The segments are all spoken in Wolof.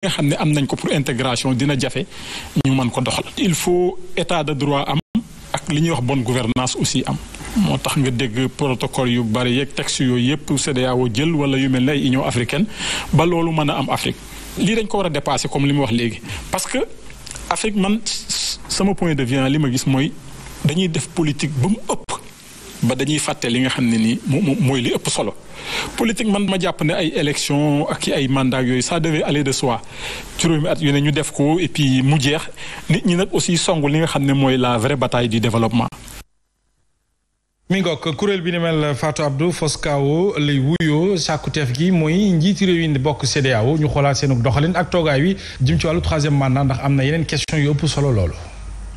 nga xam ne am nañ ko pour intégration dina jafe ñu mën ko doxal. il faut état de droit am ak li ñuy wax bon gouvernance aussi am. moo tax nga dégg protocole yu bari yeeg texte yooyu yëpp CEDEAO jël wala yu mel ne ay Union africaine ba loolu mën a am Afrique lii dañ ko war a dépasser comme li mu wax léegi parce que Afrique man sama point de vue li ma gis mooy dañuy def politique ba mu ëpp. ba dañuy fàtte li nga xam ne nii mooy li ëpp solo politique man ma jàpp ne ay élection ak ay mandat yooyu ça devait de soi juróomi at yu ne ñu def ko et mu jeex nit ñi nag aussi song li nga xam ne mooy la vraie bataille du développement. mi ngoog kuréel bi ni mel Fatou Abdou Foskao lay wuyoo sàkkuteef gi mooy njiiti réew yi di bokk CEDEAO ñu xoolaat seen doxalin ak toogaay wi jëm ci wàllu troisième mandat ndax am na yeneen question yu ëpp solo loolu.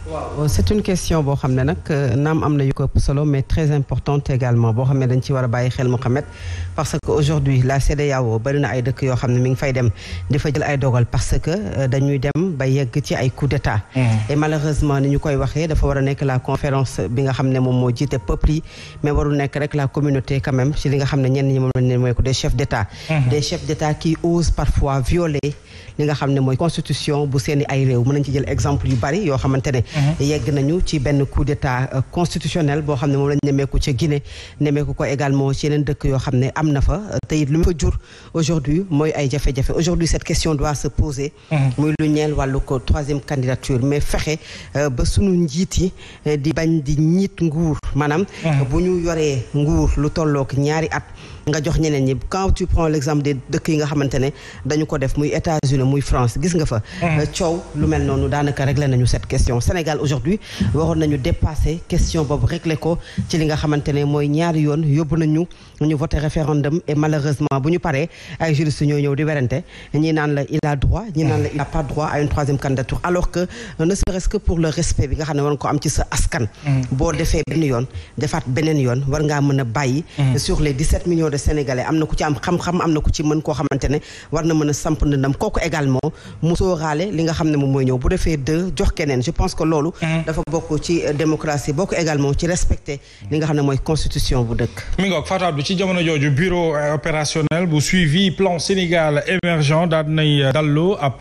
waaw c'est une question boo xam ne nag euh, naam am na yu ko ëpp solo mais très importante également boo xam ne dañ ci war a bàyyi xel Mouhamed parce que aujourd'hui la CEDEAO bari na ay dëkk yoo xam ne mi ngi fay dem di fa jël ay dogal parce que euh, dañuy dem ba yegg ci ay coup d'état mmh. et malheureusement ni ñu koy waxee dafa war a nekk la conférence bi nga xam ne moom moo jiite peuple yi mais warul nekk rek la communauté quand ci li nga xam ne ñenn ñi moom lañ ne mooy ko des li nga xam ne mooy constitution bu seeni i ay réew mën a ci jël exemple yu bari yoo xamante ne mhm. yegg nañu ci benn coup d'état euh, constitutionnel boo xam ne moom lañ nemeeku ca Guinée nemeeku ko également ci yeneen dëkk yoo xam ne am na fa euh, tey it lu mu fa jur aujourd'hui mooy ay jafe-jafe aujourd'hui cette question doit se poser mhm. muy lu ñeel wàllu ko troisième candidature mais fexe euh, ba sunu njiit yi di bañ di ñiit nguur maanaam mhm. bu ñu yoree nguur lu tollook ñaari at nga jox ñeneen ñi quand tu prends l'exemple des dëkk yi nga xamante ne dañu ko def muy États-Unis muy France gis nga fa mhm. euh, coow lu mel noonu daanaka réglé nañu cette question Sénégal aujourd'hui waroon nañu dépasser question boobu réglé ko ci li nga xamante ne mooy ñaari yoon yóbbu nañu ñu voté référendum et malheureusement bu ñu paree ay juristes ñoo ñëw di werante ñi naan la il a droit ñi naan la il a pas droit à alors que euh, ne pour le respect bi nga xam ne waroon ko am ci sa askan mhm. boo defee benn yoon defaat beneen yoon war ngaa mën a bàyyi mm-hmm. sur les 17 millions de sénégalais am na ku ci am xam-xam am na ku ci mën koo xamante ne war na mën a samp ndëndam kooku également mu sóoraale li nga xam ne moom mooy ñëw bu defee deux jox keneen je pense que loolu mm-hmm. dafa bokk ci euh, démocratie bokk également ci respecter li nga xam ne mooy constitution bu dëkk mi ngoog fataat bi ci jamono jooju bureau euh, opérationnel bu suivi plan Sénégal émergent daal nay euh, dallu ab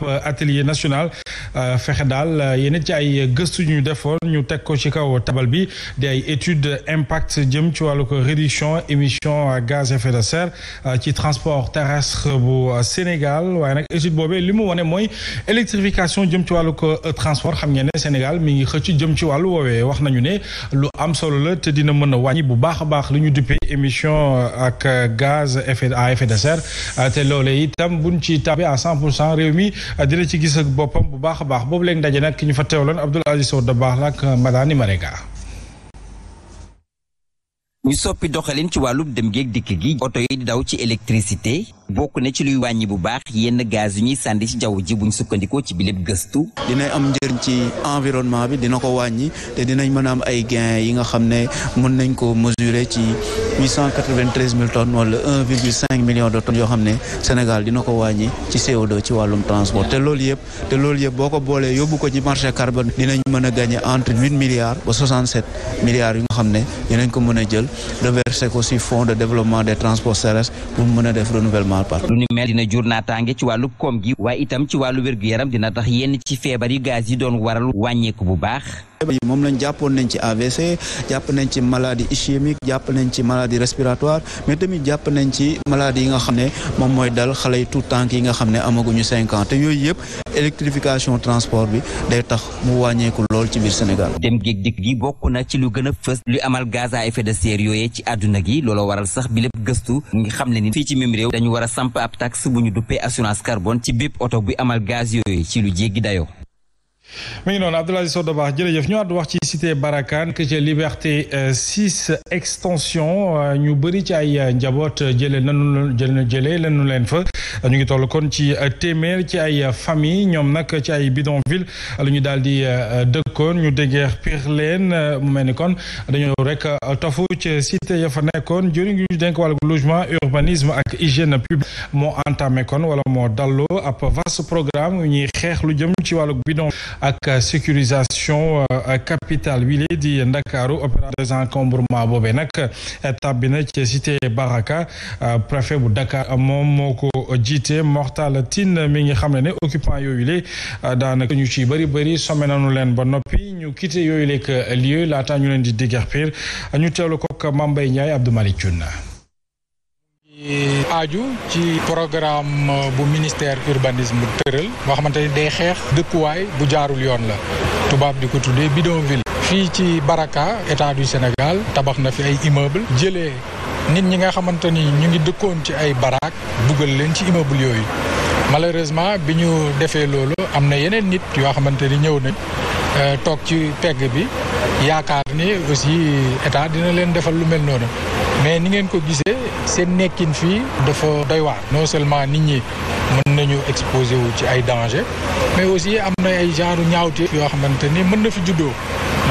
étude impact jëm ci wàllu ko réduction émission gaz à de serre euh, ci transport terrestre bu euh, Sénégal waaye nag étude boobee li mu wane mooy électrification jëm ci wàllu ko euh, transport xam ngeen ne Sénégal mi ngi xëcc jëm ci wàllu woowee wax nañu ne lu am solo la te dina mën a wàññi bu baax a baax li ñu duppee émission ak gaz à effet de serre te loolee itam buñ ci tabe à cent pour réew mi dina ci gis ak boppam bu baax a baax boobu léegi ndaje nag ki ñu fa teewloon Abdoul Aziz Sow da baax la ak ñu soppi doxalin ci wàllu dem géeg dikk gi oto yi daw ci électricité bokk na ci luy wàññi bu baax yenn gaz yu ñuy sànni ci jaww ji buñ sukkandikoo ci biléb gëstu dinay am njëriñ ci environnement bi dina ko wàññi te dinañ mën a am ay gain yi nga xam ne mën nañ ko mesurer ci 893 000 tonnes wala million de tonnes yoo xam ne Sénégal dina ko wàññi ci co ci wàllum transport te loolu yëpp boo ko boolee yóbbu ko ci marché carbone dinañ mën a gagné entre milliards ba 67 milliards yu nga xam ne dinañ ko mën a jël reversé ko si fonds de développement des transports terrestres pour mën a def renouvellement par lu ni mel dina jur naataange ci wàllu koom gi waaye itam ci wàllu wér yaram dina tax yenn ci feebar yu gaz yi doon waral moom lañ jàppoon nañ ci AVC jàpp nañ ci maladie ischémique jàpp nañ ci maladie respiratoire mais tamit jàpp nañ ci maladie yi nga xam ne moom mooy dal xale yi tout tànk yi nga xam ne amaguñu cinq te yooyu yëpp électrification transport bi day tax mu wàññeeku lool ci biir Sénégal. dem géeg dikk gi bokk na ci lu gën a fës lu amal gaz à effet de serre yooyee ci àdduna gi looloo waral sax bi lépp gëstu ngi xam ne ni fii ci même réew dañu war a samp ab taxe bu ñu duppee assurance carbone ci bépp oto bu amal gaz yooyu ci lu jéggi dayoo. mi ngi noonu Abdoulaye Sow baax jërëjëf ñu àddu wax ci cité Barakan que ci liberté 6 euh, extension euh, ñu bëri ci ay euh, njaboot jëlee nanu jëlee lanu leen fa ñu ngi toll kon ci téeméer ci ay famille ñoom nag ci ay bidonville lu ñu daal di dëkkoon ñu déggeer piir leen mu mel ni kon dañoo rek tofu ci cité ya fa nekkoon jëriñ ñu dénk wàllu logement urbanisme ak hygiène publique moo entamé kon wala moo dallo ab vaste programme ñuy xeex lu jëm ci wàllu bidon ak sécurisation euh, capitale wile di Ndakaaru opération désencombrement boobee nag bi na ci cité Baraka euh, préfet bu Dakar moom moo ko jiite Mortal tin mi ngi xam ne ne occupant yooyu le euh, daanaka ñu ci bari bëri somme nañu leen ba noppi ñu quitté yooyu lekk lieu laata ñu leen di déguerpir ñu teewlu ko ak Mambay Ndiaye Abdou Malick aaju ci programme euh, bu ministère urbanisme tëral boo xamante ni day xeex dëkkuwaay bu jaarul yoon la tubaab di ko tuddee bidonville fii ci Baraka état du Sénégal tabax na fi ay immeuble jëlee nit ñi nga xamante ni ñu ngi dëkkoon ci ay barak dugal leen ci immeuble yooyu malheureusement bi ñu defee loolu am na yeneen nit yoo xamante ni ñëw nañ euh, toog ci pegg bi yaakaar ni aussi état dina leen defal lu mel noonu mais ni ngeen ko gisee seen nekkin fii dafa doy waar non seulement nit ñi mën nañu exposé wu ci ay danger mais aussi am na ay genre ñaawte yoo xamante ni mën na fi juddoo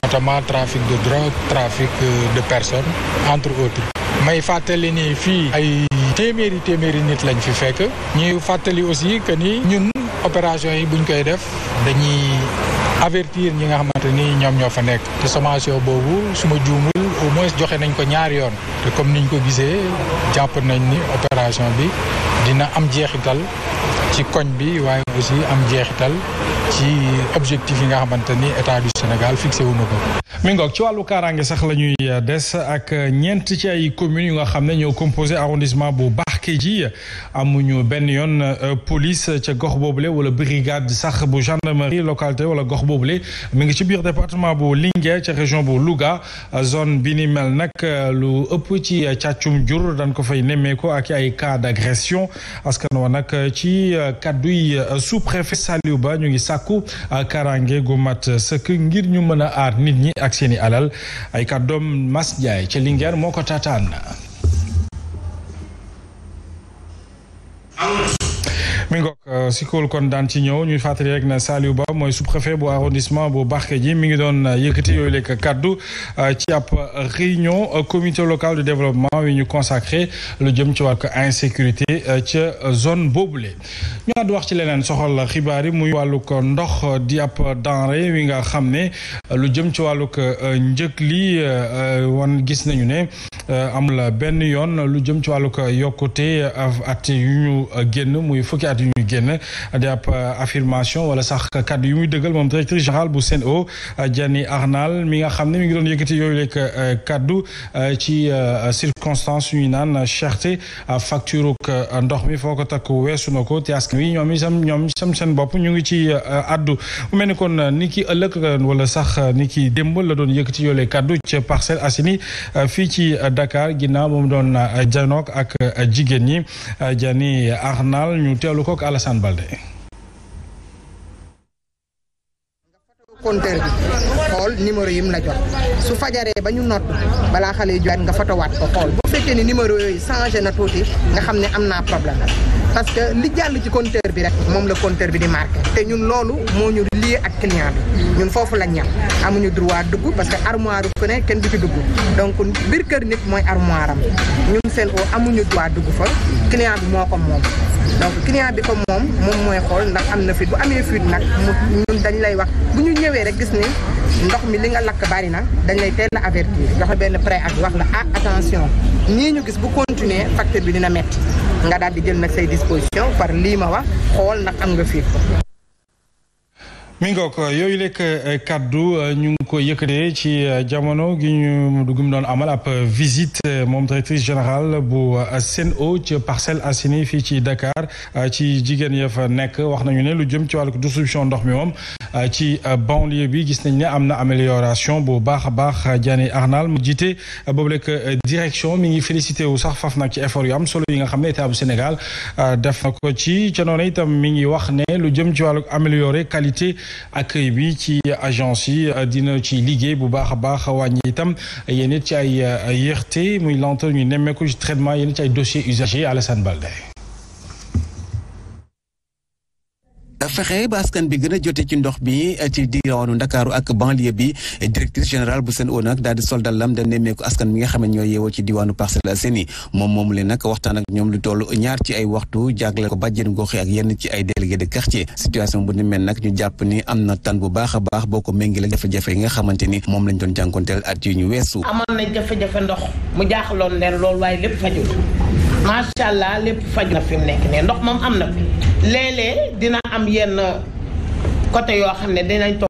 notamment trafic de drogue trafic euh, de personnes entre autres may fàttali ni fii ay téeméeri téeméeri nit lañ fi fekk ñuy fàttali aussi que ni ñun opération yi buñ koy def dañuy avertir ñi nga xamante ni ñoom ñoo fa nekk te sommation boobu suma ma juumul au moins joxe nañ ko ñaari yoon te comme niñ ko gisee jàpp nañ ni opération bi dina am jeexital ci koñ bi waaye aussi am jeexital ci objectif yi nga xamante ni état du Sénégal fixé wu na ko. mi ngoog ci wàllu kaaraange sax la ñuy des ak ñeent ci ay communes yu nga xam ne ñoo composé arrondissement bu baax. parquet ji amuñu benn yoon euh, police ca gox boobu le wala brigade sax bu gendarmerie localité wala gox boobu le mu ngi ci biir département bu Linguère ca région bu Louga zone bi ni mel nag euh, lu ëpp ci euh, càccum jur dañ ko fay nemmeeku ak ay cas d'agression que wa nag ci kadduy sous-préfet Saliou Ba ñu ngi sàkku karange gu mat sëkk ngir ñu mën a aar nit ñi ak seeni alal ay kàddoom Mas Ndiaye ca Linguère moo ko taataan mi ngoog Sikol kon daan ci ñëw ñuy fàttali rek na Saliou Ba mooy sous-préfet bu arrondissement bu Barkédji mi ngi doon yëkkati yooyu lekk kàddu euh, ci ab réunion euh, comité local de développement wi ñu consacré lu jëm ci wàllu insécurité euh, ca zone boobule. ñu àddu wax ci leneen soxal xibaar yi muy wàllu ko ndox di ab denrée wi nga xam ne lu jëm ci wàllug njëg li wan gis nañu ne amul benn yoon lu jëm ci wàllug yokkute at yu ñu génn muy fukki at yu ñu génn. di euh, affirmation wala sax kaddu yu muy dëggal moom directrice générale bu Sen'Eau euh, Diany Arnal mi nga xam ne mi ngi doon yëkkati yooyu lekk euh, kaddu ci circonstance yu ñu naan cherté facture ndox mi foo ko takk weesu na ko te askan wi ñoom itam ñoom itam seen bopp ñu ngi ci addu mu mel ni kon ni ki ëllëg wala sax ni ki démb la doon yëkkati yoolee kaddu ci Parcelles Assainies fii ci dakaar ginnaaw moom doon janook ak jigéen ñi Diany Arnal ñu teelu ko ak Alassane Ba nga Balde. compteur bi xool numéro yi mu la jot su fajaree ba ñu noot balaa xale yu joxe nga fotowaat ko xool fekkee ni numéro yooyu changé na tuuti nga xam ne am naa problème parce que li jàll ci compteur bi rek moom la compteur bi di marqué te ñun loolu moo ñu lii ak client bi ñun foofu lañ ñam amuñu droit dugg parce que armoire ku ne kenn du ci dugg donc mbir kër nit mooy armoire am ñun seen o amuñu droit dugg fa client bi moo ko moom donc client bi ko moom moom mooy xool ndax am na fuite bu amee fuite nag mu ñun dañ lay wax bu ñu ñëwee rek gis ni ndox mi li nga lakk bari na dañ lay teel a avertir joxe benn préavis wax la ah attention ñii ñu gis bu continuer facteur bi dina metti nga daal di jël nag say disposition par lii ma wax xool nag am nga fii mi ko yooyu lekk eh, kàddu eh, ñu koy yëkkatee ci euh, jamono gi ñu dugum doon amal ab euh, visite euh, moom directrice générale bu sen o ci Parcelles Assainies fii ci Dakar ci jigéen ya nekk wax nañu ne lu jëm ci wàllu distribution ndox mi moom ci banlieue bi gis nañ ne am na amélioration bu baax a baax Diané Arnal mu jiite boobu rek mi ngi félicité wu sax faf nag ci effort am solo yi nga xam ne état bu Sénégal def na ko itam mi ngi wax ne lu jëm ci qualité accueil bi ci agence dina ci liggéey bu baax a baax wàññi itam yéen it ci ay yéexte muy lenteur ñu nemmeeku ci traitement yéen ci ay dossiers usagers Alassane Balde fexe ba askan bi gën a jote ci ndox mi eh, ci diwaanu Ndakaaru ak banlieue bi directrice générale bu Sen'Eau nag daal di lam da nemmeeku askan bi nga xam ñoo yeewoo ci diwaanu Parcelles Assainies moom ko bàjjen gox yi am na tan ni moom lañ doon jànkonteel at yu ñu weesu amoon na jafe-jafe ndox mu jaaxaloon leen loolu waaye lépp fajul macha allah lépp faj na fi nekk ne ndox moom am na fi léeg-léeg dina am yenn côté yoo xam ne dinañ toog